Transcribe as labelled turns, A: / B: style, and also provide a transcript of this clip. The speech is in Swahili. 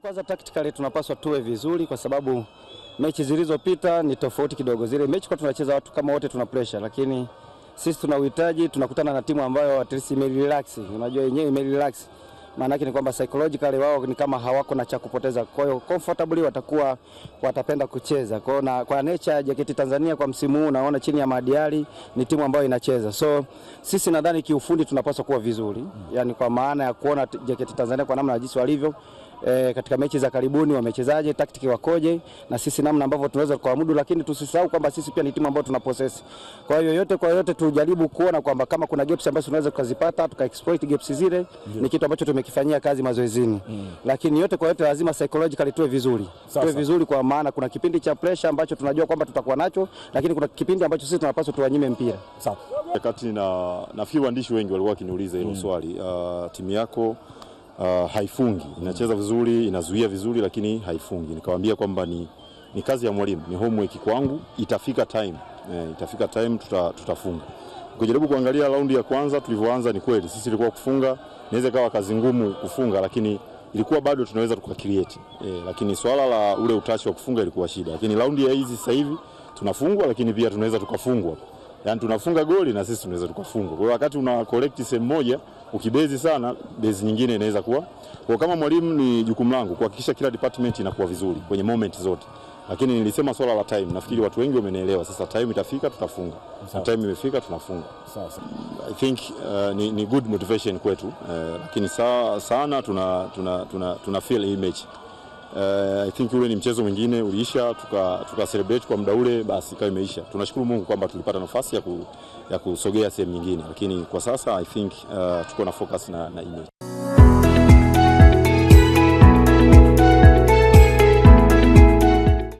A: Kwanza tactically tunapaswa tuwe vizuri, kwa sababu mechi zilizopita ni tofauti kidogo. Zile mechi kwa tunacheza watu kama wote tuna pressure, lakini sisi tuna uhitaji, tunakutana na timu ambayo at least imerelax. Unajua yenyewe imerelax, maana yake ni kwamba psychologically wao ni kama hawako na cha kupoteza, kwa hiyo comfortably watakuwa watapenda kucheza. Kwa na kwa nature ya JKT Tanzania kwa msimu huu unaona chini ya Madiali ni timu ambayo inacheza, so sisi nadhani kiufundi tunapaswa kuwa vizuri, yani kwa maana ya kuona JKT Tanzania kwa namna jinsi walivyo e, katika mechi za karibuni wamechezaje, taktiki wakoje, na sisi namna ambavyo tunaweza kuamudu, lakini tusisahau kwamba sisi pia ni timu ambayo tuna possess. Kwa hiyo yote kwa yote tujaribu kuona kwamba kama kuna gaps ambazo tunaweza tukazipata tuka exploit gaps zile, Ni kitu ambacho tumekifanyia kazi mazoezini hmm. Lakini yote kwa yote lazima psychologically tuwe vizuri, tuwe vizuri kwa maana kuna kipindi cha pressure ambacho tunajua kwamba tutakuwa nacho, lakini kuna kipindi ambacho sisi tunapaswa tuwanyime mpira. Sawa.
B: Wakati na nafikiri waandishi wengi walikuwa wakiniuliza hilo hmm. swali uh, timu yako uh, haifungi, inacheza vizuri, inazuia vizuri, lakini haifungi. Nikamwambia kwamba ni, ni kazi ya mwalimu, ni homework kwangu, itafika time eh, itafika time tuta, tutafunga. Ukijaribu kuangalia raundi ya kwanza tulivyoanza, ni kweli sisi ilikuwa kufunga, inaweza ikawa kazi ngumu kufunga, lakini ilikuwa bado tunaweza tukakrieti eh, lakini swala la ule utashi wa kufunga ilikuwa shida, lakini raundi ya hizi sasa hivi tunafungwa, lakini pia tunaweza tukafungwa, yani tunafunga goli na sisi tunaweza tukafungwa. Kwa hiyo wakati una collect sehemu moja ukibezi sana, bezi nyingine inaweza kuwa kwa. Kama mwalimu, ni jukumu langu kuhakikisha kila department inakuwa vizuri kwenye moment zote, lakini nilisema swala la time, nafikiri watu wengi wamenielewa. Sasa time itafika, tutafunga na time imefika, tunafunga. I think uh, ni, ni good motivation kwetu uh, lakini sa, sana tuna, tuna, tuna, tuna feel image Uh, I think ule ni mchezo mwingine uliisha, tuka, tuka celebrate kwa muda ule, basi ikawa imeisha. Tunashukuru Mungu kwamba tulipata nafasi ya, ku, ya kusogea sehemu nyingine, lakini kwa sasa I think uh, tuko na focus na, na image.